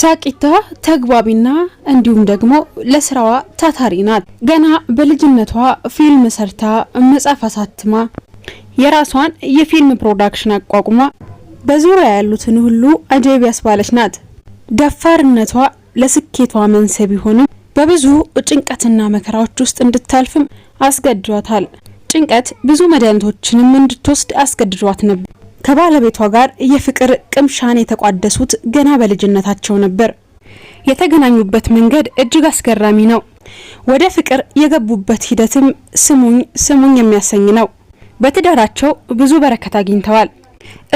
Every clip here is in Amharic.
ሳቂታ ተግባቢና እንዲሁም ደግሞ ለስራዋ ታታሪ ናት። ገና በልጅነቷ ፊልም ሰርታ መጽሐፍ አሳትማ የራሷን የፊልም ፕሮዳክሽን አቋቁማ በዙሪያ ያሉትን ሁሉ አጀብ ያስባለች ናት። ደፋርነቷ ለስኬቷ መንስኤ ቢሆንም በብዙ ጭንቀትና መከራዎች ውስጥ እንድታልፍም አስገድዷታል። ጭንቀት ብዙ መድኃኒቶችንም እንድትወስድ አስገድዷት ነበር። ከባለቤቷ ጋር የፍቅር ቅምሻን የተቋደሱት ገና በልጅነታቸው ነበር። የተገናኙበት መንገድ እጅግ አስገራሚ ነው። ወደ ፍቅር የገቡበት ሂደትም ስሙኝ ስሙኝ የሚያሰኝ ነው። በትዳራቸው ብዙ በረከት አግኝተዋል።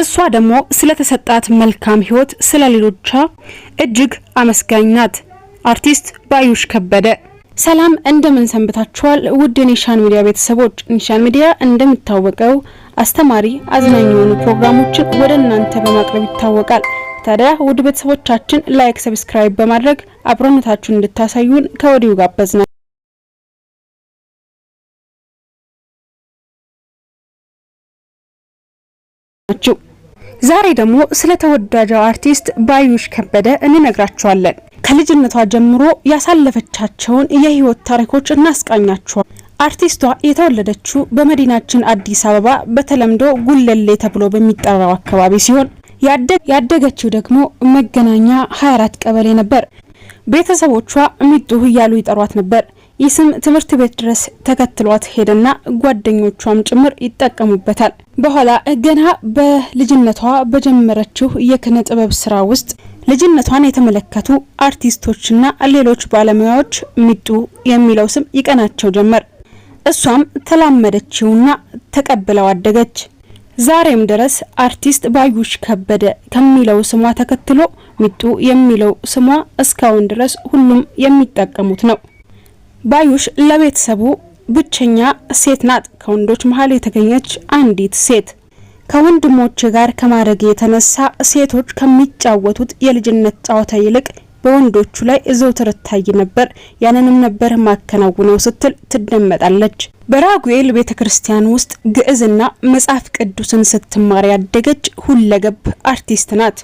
እሷ ደግሞ ስለተሰጣት መልካም ህይወት ስለ ሌሎቿ እጅግ አመስጋኝ ናት። አርቲስት ባዩሽ ከበደ ሰላም፣ እንደምን ሰንብታችኋል? ውድ ኒሻን ሚዲያ ቤተሰቦች፣ ኒሻን ሚዲያ እንደሚታወቀው አስተማሪ፣ አዝናኝ የሆኑ ፕሮግራሞችን ወደ እናንተ በማቅረብ ይታወቃል። ታዲያ ውድ ቤተሰቦቻችን ላይክ፣ ሰብስክራይብ በማድረግ አብሮነታችሁን እንድታሳዩን ከወዲሁ ጋበዝናል። ዛሬ ደግሞ ስለ ተወዳጃው አርቲስት ባዩሽ ከበደ እንነግራችኋለን። ከልጅነቷ ጀምሮ ያሳለፈቻቸውን የህይወት ታሪኮች እናስቃኛችኋል። አርቲስቷ የተወለደችው በመዲናችን አዲስ አበባ በተለምዶ ጉለሌ ተብሎ በሚጠራው አካባቢ ሲሆን ያደገችው ደግሞ መገናኛ 24 ቀበሌ ነበር። ቤተሰቦቿ ሚጡህ እያሉ ይጠሯት ነበር። ይህ ስም ትምህርት ቤት ድረስ ተከትሏት ሄደና ጓደኞቿም ጭምር ይጠቀሙበታል። በኋላ ገና በልጅነቷ በጀመረችው የኪነ ጥበብ ስራ ውስጥ ልጅነቷን የተመለከቱ አርቲስቶችና ሌሎች ባለሙያዎች ሚጡ የሚለው ስም ይቀናቸው ጀመር። እሷም ተላመደችውና ተቀብለው አደገች። ዛሬም ድረስ አርቲስት ባዩሽ ከበደ ከሚለው ስሟ ተከትሎ ሚጡ የሚለው ስሟ እስካሁን ድረስ ሁሉም የሚጠቀሙት ነው። ባዩሽ ለቤተሰቡ ብቸኛ ሴት ናት። ከወንዶች መሀል የተገኘች አንዲት ሴት ከወንድሞች ጋር ከማድረግ የተነሳ ሴቶች ከሚጫወቱት የልጅነት ጨዋታ ይልቅ በወንዶቹ ላይ ዘወትር ታይ ነበር፣ ያንንም ነበር ማከናውነው ስትል ትደመጣለች። በራጉኤል ቤተ ክርስቲያን ውስጥ ግዕዝና መጽሐፍ ቅዱስን ስትማር ያደገች ሁለገብ አርቲስት ናት።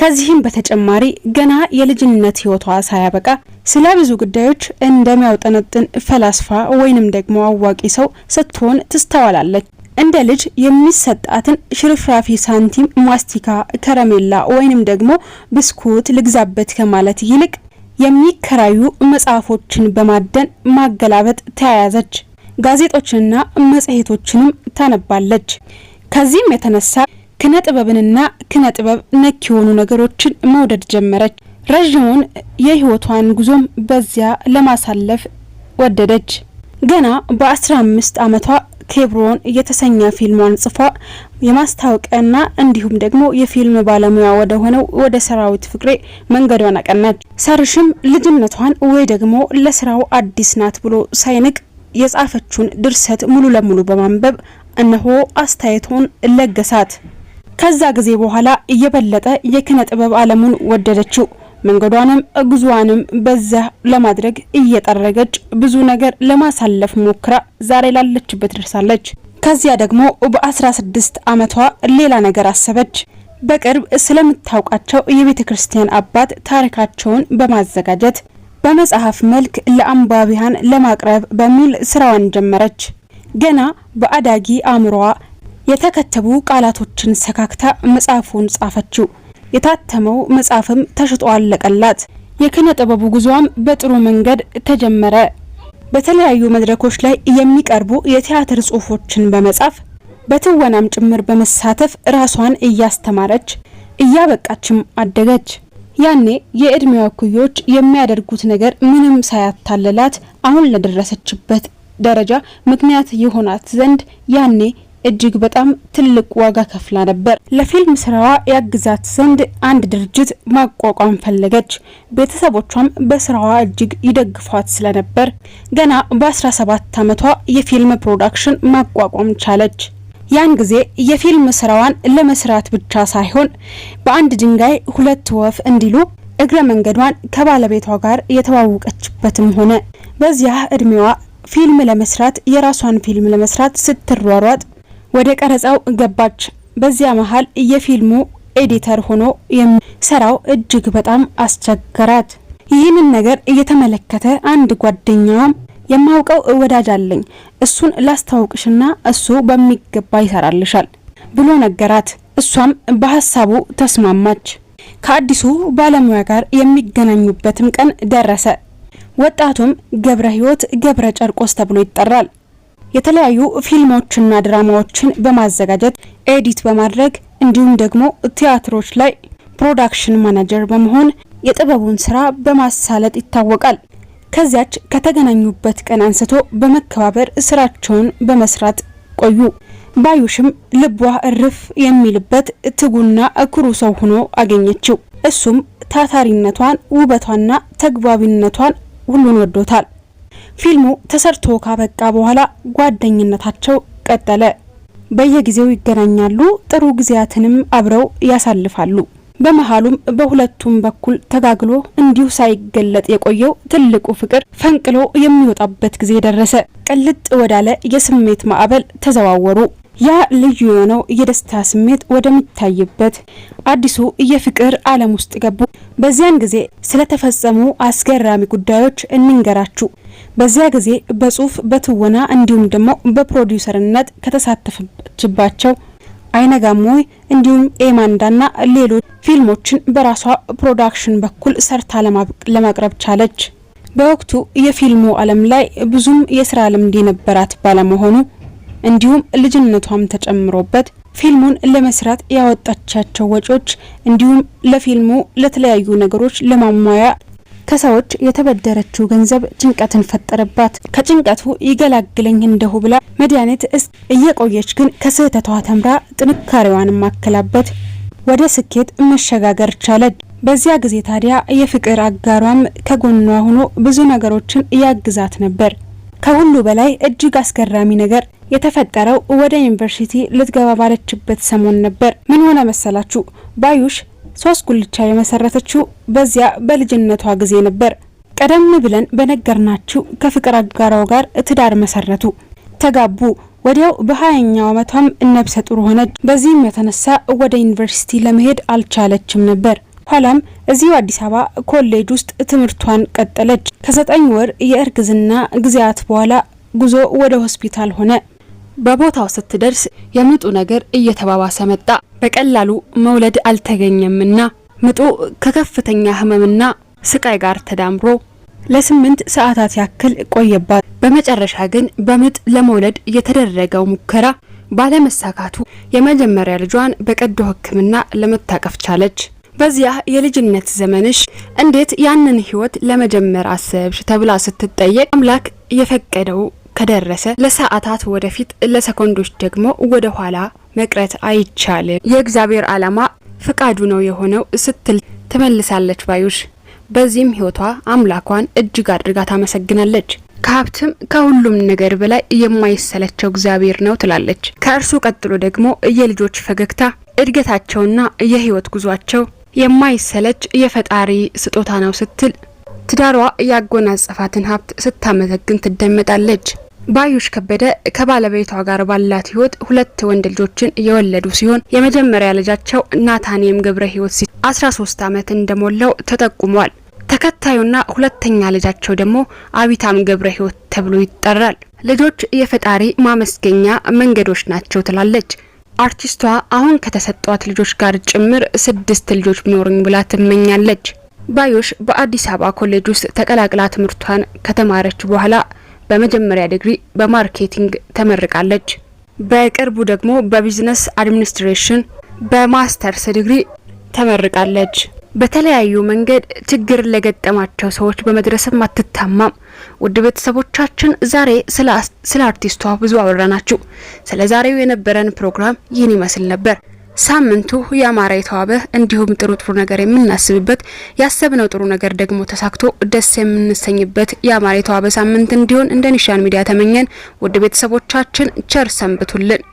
ከዚህም በተጨማሪ ገና የልጅነት ህይወቷ ሳያበቃ ስለ ብዙ ጉዳዮች እንደሚያውጠነጥን ፈላስፋ ወይንም ደግሞ አዋቂ ሰው ስትሆን ትስተዋላለች። እንደ ልጅ የሚሰጣትን ሽርፍራፊ ሳንቲም ማስቲካ፣ ከረሜላ ወይንም ደግሞ ብስኩት ልግዛበት ከማለት ይልቅ የሚከራዩ መጽሐፎችን በማደን ማገላበጥ ተያያዘች። ጋዜጦችንና መጽሔቶችንም ታነባለች። ከዚህም የተነሳ ክነ ጥበብንና ክነ ጥበብ ነክ የሆኑ ነገሮችን መውደድ ጀመረች። ረዥሙን የህይወቷን ጉዞም በዚያ ለማሳለፍ ወደደች። ገና በአስራ አምስት ዓመቷ ኬብሮን የተሰኘ ፊልሟን ጽፏ የማስታወቂያና እንዲሁም ደግሞ የፊልም ባለሙያ ወደ ሆነው ወደ ሰራዊት ፍቅሬ መንገዷን አቀናች። ሰርሽም ልጅነቷን ወይ ደግሞ ለስራው አዲስ ናት ብሎ ሳይንቅ የጻፈችውን ድርሰት ሙሉ ለሙሉ በማንበብ እነሆ አስተያየቱን ለገሳት። ከዛ ጊዜ በኋላ እየበለጠ የኪነ ጥበብ አለሙን ወደደችው። መንገዷንም እግዟንም በዛ ለማድረግ እየጠረገች ብዙ ነገር ለማሳለፍ ሞክራ ዛሬ ላለችበት ደርሳለች። ከዚያ ደግሞ በ16 ዓመቷ ሌላ ነገር አሰበች። በቅርብ ስለምታውቃቸው የቤተ ክርስቲያን አባት ታሪካቸውን በማዘጋጀት በመጽሐፍ መልክ ለአንባቢያን ለማቅረብ በሚል ስራዋን ጀመረች። ገና በአዳጊ አእምሮዋ የተከተቡ ቃላቶችን ሰካክታ መጽሐፉን ጻፈችው። የታተመው መጽሐፍም ተሽጦ አለቀላት። የኪነ ጥበቡ ጉዟም በጥሩ መንገድ ተጀመረ። በተለያዩ መድረኮች ላይ የሚቀርቡ የቲያትር ጽሁፎችን በመጻፍ በትወናም ጭምር በመሳተፍ ራሷን እያስተማረች እያበቃችም አደገች። ያኔ የእድሜዋ እኩዮች የሚያደርጉት ነገር ምንም ሳያታልላት አሁን ለደረሰችበት ደረጃ ምክንያት የሆናት ዘንድ ያኔ እጅግ በጣም ትልቅ ዋጋ ከፍላ ነበር። ለፊልም ስራዋ ያግዛት ዘንድ አንድ ድርጅት ማቋቋም ፈለገች። ቤተሰቦቿም በስራዋ እጅግ ይደግፏት ስለነበር ገና በ17 ዓመቷ የፊልም ፕሮዳክሽን ማቋቋም ቻለች። ያን ጊዜ የፊልም ስራዋን ለመስራት ብቻ ሳይሆን በአንድ ድንጋይ ሁለት ወፍ እንዲሉ እግረ መንገዷን ከባለቤቷ ጋር የተዋወቀችበትም ሆነ። በዚያ እድሜዋ ፊልም ለመስራት የራሷን ፊልም ለመስራት ስትሯሯጥ ወደ ቀረጻው ገባች። በዚያ መሀል የፊልሙ ኤዲተር ሆኖ የሚሰራው እጅግ በጣም አስቸገራት። ይህንን ነገር እየተመለከተ አንድ ጓደኛዋም የማውቀው ወዳጅ አለኝ እሱን ላስተዋውቅሽና እሱ በሚገባ ይሰራልሻል ብሎ ነገራት። እሷም በሀሳቡ ተስማማች። ከአዲሱ ባለሙያ ጋር የሚገናኙበትም ቀን ደረሰ። ወጣቱም ገብረ ህይወት ገብረ ጨርቆስ ተብሎ ይጠራል። የተለያዩ ፊልሞችና ድራማዎችን በማዘጋጀት ኤዲት በማድረግ እንዲሁም ደግሞ ቲያትሮች ላይ ፕሮዳክሽን ማናጀር በመሆን የጥበቡን ስራ በማሳለጥ ይታወቃል። ከዚያች ከተገናኙበት ቀን አንስቶ በመከባበር ስራቸውን በመስራት ቆዩ። ባዩሽም ልቧ እርፍ የሚልበት ትጉና እኩሩ ሰው ሆኖ አገኘችው። እሱም ታታሪነቷን፣ ውበቷና ተግባቢነቷን ሁሉን ወዶታል። ፊልሙ ተሰርቶ ካበቃ በኋላ ጓደኝነታቸው ቀጠለ። በየጊዜው ይገናኛሉ፣ ጥሩ ጊዜያትንም አብረው ያሳልፋሉ። በመሃሉም በሁለቱም በኩል ተጋግሎ እንዲሁ ሳይገለጥ የቆየው ትልቁ ፍቅር ፈንቅሎ የሚወጣበት ጊዜ ደረሰ። ቅልጥ ወዳለ የስሜት ማዕበል ተዘዋወሩ። ያ ልዩ የሆነው የደስታ ስሜት ወደሚታይበት አዲሱ የፍቅር ዓለም ውስጥ ገቡ። በዚያን ጊዜ ስለተፈጸሙ አስገራሚ ጉዳዮች እንንገራችሁ። በዚያ ጊዜ በጽሁፍ በትወና እንዲሁም ደግሞ በፕሮዲውሰርነት ከተሳተፈችባቸው አይነጋሞይ እንዲሁም ኤማንዳና ሌሎች ፊልሞችን በራሷ ፕሮዳክሽን በኩል ሰርታ ለማቅረብ ቻለች። በወቅቱ የፊልሙ ዓለም ላይ ብዙም የስራ ልምድ የነበራት ባለመሆኑ እንዲሁም ልጅነቷም ተጨምሮበት ፊልሙን ለመስራት ያወጣቻቸው ወጪዎች እንዲሁም ለፊልሙ ለተለያዩ ነገሮች ለማሟያ ከሰዎች የተበደረችው ገንዘብ ጭንቀትን ፈጠረባት። ከጭንቀቱ ይገላግለኝ እንደሁ ብላ መድኃኒት እየቆየች ግን ከስህተቷ ተምራ ጥንካሬዋን ማከላበት ወደ ስኬት መሸጋገር ቻለች። በዚያ ጊዜ ታዲያ የፍቅር አጋሯም ከጎኗ ሆኖ ብዙ ነገሮችን እያግዛት ነበር። ከሁሉ በላይ እጅግ አስገራሚ ነገር የተፈጠረው ወደ ዩኒቨርሲቲ ልትገባ ባለችበት ሰሞን ነበር። ምን ሆነ መሰላችሁ? ባዩሽ ሶስት ጉልቻ የመሰረተችው በዚያ በልጅነቷ ጊዜ ነበር። ቀደም ብለን በነገርናችሁ ከፍቅር አጋራው ጋር ትዳር መሰረቱ፣ ተጋቡ። ወዲያው በሀያኛው ዓመቷም ነብሰ ጡር ሆነች። በዚህም የተነሳ ወደ ዩኒቨርሲቲ ለመሄድ አልቻለችም ነበር። ኋላም እዚሁ አዲስ አበባ ኮሌጅ ውስጥ ትምህርቷን ቀጠለች። ከዘጠኝ ወር የእርግዝና ጊዜያት በኋላ ጉዞ ወደ ሆስፒታል ሆነ። በቦታው ስትደርስ የምጡ ነገር እየተባባሰ መጣ። በቀላሉ መውለድ አልተገኘምና ምጡ ከከፍተኛ ህመምና ስቃይ ጋር ተዳምሮ ለስምንት ሰዓታት ያክል ቆየባት። በመጨረሻ ግን በምጥ ለመውለድ የተደረገው ሙከራ ባለመሳካቱ የመጀመሪያ ልጇን በቀዶ ሕክምና ለመታቀፍ ቻለች። በዚያ የልጅነት ዘመንሽ እንዴት ያንን ህይወት ለመጀመር አሰብሽ ተብላ ስትጠየቅ አምላክ የፈቀደው ከደረሰ ለሰዓታት ወደፊት ለሰኮንዶች ደግሞ ወደ ኋላ መቅረት አይቻልም። የእግዚአብሔር ዓላማ ፍቃዱ ነው የሆነው ስትል ትመልሳለች ባዩሽ። በዚህም ህይወቷ አምላኳን እጅግ አድርጋ ታመሰግናለች። ከሀብትም ከሁሉም ነገር በላይ የማይሰለቸው እግዚአብሔር ነው ትላለች። ከእርሱ ቀጥሎ ደግሞ የልጆች ፈገግታ፣ እድገታቸውና የህይወት ጉዟቸው የማይሰለች የፈጣሪ ስጦታ ነው ስትል ትዳሯ ያጎናጸፋትን ሀብት ስታመሰግን ትደመጣለች። ባዩሽ ከበደ ከባለቤቷ ጋር ባላት ህይወት ሁለት ወንድ ልጆችን የወለዱ ሲሆን የመጀመሪያ ልጃቸው ናታንየም ገብረ ህይወት ሲ 13 ዓመት እንደሞላው ተጠቁሟል። ተከታዩና ሁለተኛ ልጃቸው ደግሞ አቢታም ገብረ ህይወት ተብሎ ይጠራል። ልጆች የፈጣሪ ማመስገኛ መንገዶች ናቸው ትላለች አርቲስቷ። አሁን ከተሰጧት ልጆች ጋር ጭምር ስድስት ልጆች ቢኖሩኝ ብላ ትመኛለች። ባዮሽ በአዲስ አበባ ኮሌጅ ውስጥ ተቀላቅላ ትምህርቷን ከተማረች በኋላ በመጀመሪያ ዲግሪ በማርኬቲንግ ተመርቃለች። በቅርቡ ደግሞ በቢዝነስ አድሚኒስትሬሽን በማስተርስ ዲግሪ ተመርቃለች። በተለያዩ መንገድ ችግር ለገጠማቸው ሰዎች በመድረስም አትታማም። ውድ ቤተሰቦቻችን ዛሬ ስለ አርቲስቷ ብዙ አወራናችሁ። ስለ ዛሬው የነበረን ፕሮግራም ይህን ይመስል ነበር። ሳምንቱ ያማረ የተዋበ እንዲሁም ጥሩ ጥሩ ነገር የምናስብበት ያሰብነው ጥሩ ነገር ደግሞ ተሳክቶ ደስ የምንሰኝበት ያማረ የተዋበ ሳምንት እንዲሆን እንደ ኒሻን ሚዲያ ተመኘን። ውድ ቤተሰቦቻችን ቸር ሰንብቱልን።